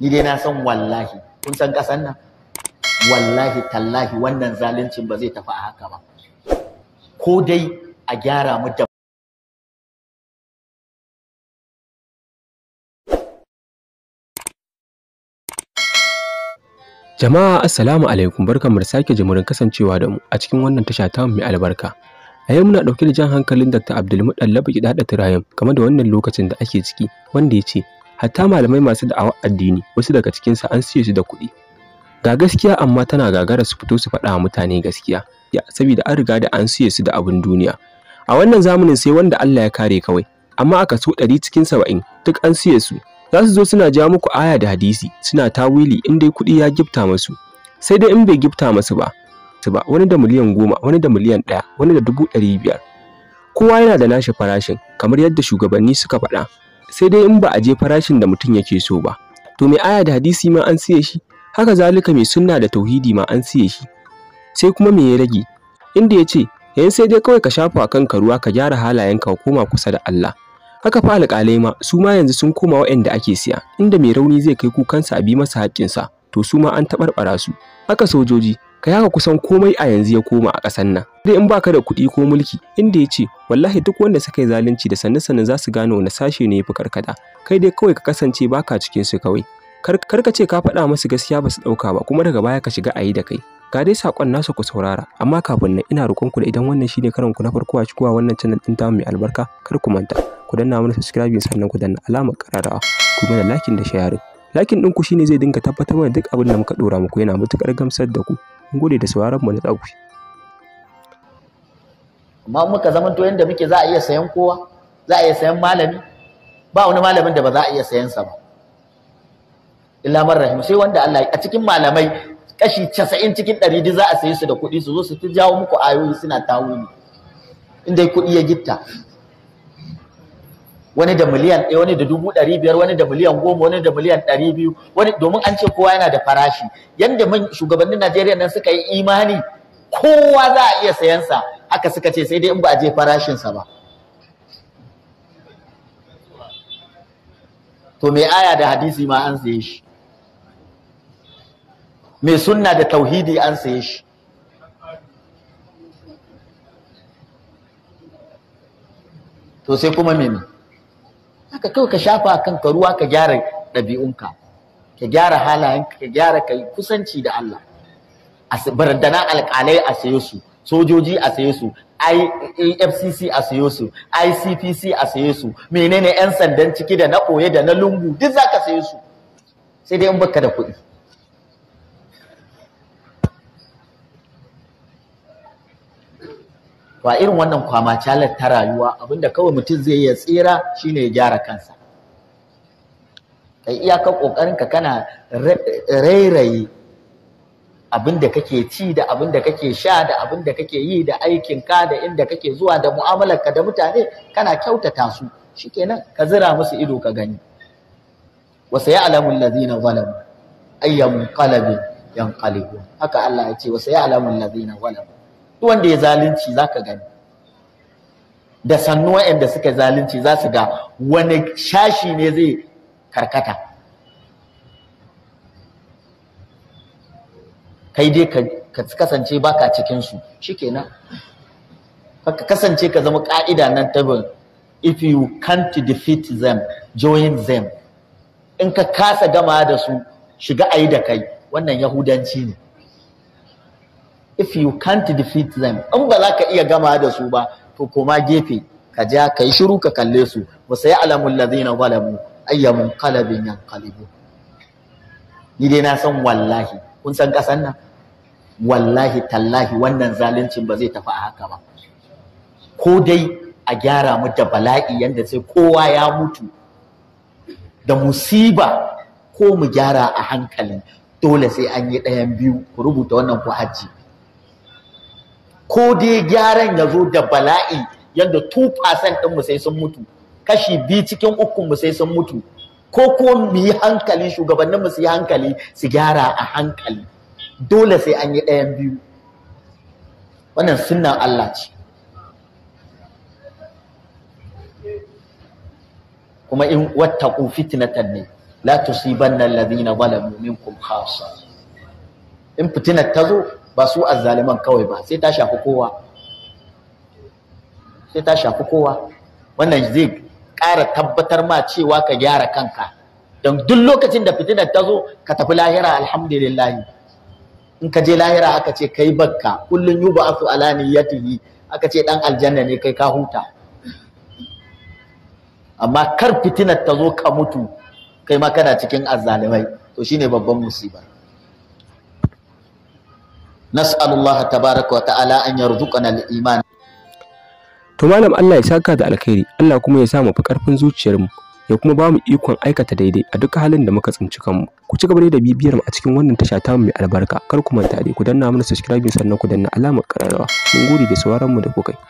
ni dai na san wallahi kun san kasan nan wallahi tallahi wannan zaluncin ba zai tafi a haka ba ko dai a gyara mu da Jama'a assalamu alaikum barkanmu da sake jimurin kasancewa da mu a cikin wannan tasha ta mai albarka A yau muna ɗauke da jan hankalin Dr. Abdulmudallab Gidada Turayim game da wannan lokacin da ake ciki wanda ya ce hatta malamai masu da'awar addini wasu daga cikin su an siye su da kuɗi ga gaskiya amma tana gagara su fito su faɗa mutane gaskiya Ya saboda an riga da an siye su da abin duniya a wannan zamanin sai wanda Allah ya kare kawai amma a so ɗari cikin saba'in duk an siye su za su zo suna ja muku aya da hadisi suna tawili in dai kuɗi ya gifta masu sai dai in bai gifta masu ba su ba wani da miliyan goma wani da miliyan ɗaya wani da dubu ɗari biyar kowa yana da nashi farashin kamar yadda shugabanni suka faɗa sai dai in ba a je farashin da mutum yake so ba to mai aya da hadisi ma an siye shi haka zalika mai sunna da tauhidi ma an siye shi sai kuma me ya rage inda ya ce yayin sai dai kawai ka shafa kanka ruwa ka gyara halayenka ka koma kusa da Allah haka fa alƙalai ma su ma yanzu sun koma waɗanda ake siya inda mai rauni zai kai kukansa a bi masa haƙƙinsa to su ma an taɓarɓara su haka sojoji Ka yaka kusan komai a yanzu ya koma a ƙasar nan dai in baka da kuɗi ko mulki inda ya ce wallahi duk wanda suka yi zalunci da sannu sannu za su gane wani sashe ne ya fi karkata kai dai kawai ka kasance baka cikin su kawai kar ka ce ka faɗa masu gaskiya ba su ɗauka ba kuma daga baya ka shiga ayi da kai ga dai saƙon nasu ku saurara amma kafin nan ina roƙonku da idan wannan shine karan ku na farko a cikuwa wannan channel ɗin tamu mai albarka kar ku manta ku danna mana subscribe sannan ku danna alamar ƙararrawa ku mana like da sharing lakin ɗin ku shine zai dinga tabbatar da duk abin da muka ɗora muku yana matuƙar gamsar da ku gode da sauraron mu na tsaku amma muka to yanda muke za a iya sayan kowa za a iya sayan malami ba wani malamin da ba za a iya sayan sa ba illa man rahim sai wanda Allah a cikin malamai kashi 90 cikin 100 duk za a saye su da kuɗi su zo su jawo muku ayoyi suna tawuni in dai kuɗi ya gitta wani da miliyan ɗaya wani da dubu ɗari biyar wani da miliyan goma wani da miliyan ɗari biyu wani domin an ce kowa yana da farashi yadda mun shugabannin najeriya nan suka yi imani kowa za a iya sayan sa aka suka ce sai dai in ba a je farashinsa ba to me aya da hadisi ma an saye shi mai sunna da tauhidi an saye shi to sai kuma ne haka kawai ka shafa kan ka ruwa ka gyara ɗabi'unka ka gyara halayenka ka gyara kai kusanci da Allah barandana alƙalai a sayo su sojoji a sayo su AFCC a sayo su ICPC a sayo su menene 'yan sandan ciki da na ɓoye da na lungu duk za ka sayo su sai dai in baka da kuɗi to a irin wannan kwamacalar ta rayuwa abinda kawai mutum zai iya tsira shine ya gyara kansa kai iyakar ƙoƙarinka kana rairaye abinda kake ci da abinda kake sha da abinda kake yi da aikinka da inda kake zuwa da mu'amalarka da mutane kana kyautata su shikenan ka zira musu ido ka gani wa sayalamu allazina zalamu ayyam qalbi yanqalibu haka Allah ya ce wa sayalamu allazina zalamu wanda ya zalunci zaka gani da sannu waɗanda suka zalunci za su ga wani shashi ne zai karkata kai dai ka kasance baka cikinsu shikenan ka kasance ka zama ƙa'ida nan tabin if you can't defeat them join them in ka kasa gama da su shiga ayi da kai wannan yahudanci ne if you can't defeat them in ba za ka iya gama da su ba to koma gefe ka ja ka yi shiru ka kalle su wa sai alamul ladina zalamu ayyamun qalbin yanqalibu ni dai na san wallahi kun san kasan nan wallahi tallahi wannan zaluncin ba zai tafi a haka ba ko dai a gyara mu da bala'i yanda sai kowa ya mutu da musiba ko mu gyara a hankali dole sai an yi ɗayan biyu ku rubuta wannan ku hajji ko dai gyaran ya zo da bala'i yadda 2% ɗin mu sai sun mutu kashi biyu cikin uku mu sai sun mutu ko ko mu yi hankali shugabannin mu su yi hankali su gyara a hankali dole sai an yi ɗayan biyu wannan sunnan Allah ce kuma in wattaqu fitnatan ne la tusibanna alladhina zalamu minkum khassa in fitnat tazo ba su azzaliman kawai ba sai ta shafi kowa sai ta shafi kowa wannan zai ƙara tabbatar ma cewa ka gyara kanka don duk lokacin da fitinar ta zo ka tafi lahira alhamdulillah in ka je lahira aka ce kai bakka kullun yub'athu ala yi, aka ce dan aljanna ne kai ka huta amma kar fitinar ta zo ka mutu kai ma kana cikin azzalimai to shine babban musiba nas'alullaha tabaraka wa ta'ala an yarzuqana al-iman to malam Allah ya saka da alkhairi Allah kuma ya sa mu fi karfin zuciyarmu ya kuma ba mu ikon aikata daidai a duk halin da muka tsinci kanmu ku ci gaba da bibiyar mu a cikin wannan tasha ta mu mai albarka kar ku manta dai ku danna mana subscribe sannan ku danna alamar kararrawa mun gode da sauraron mu da kai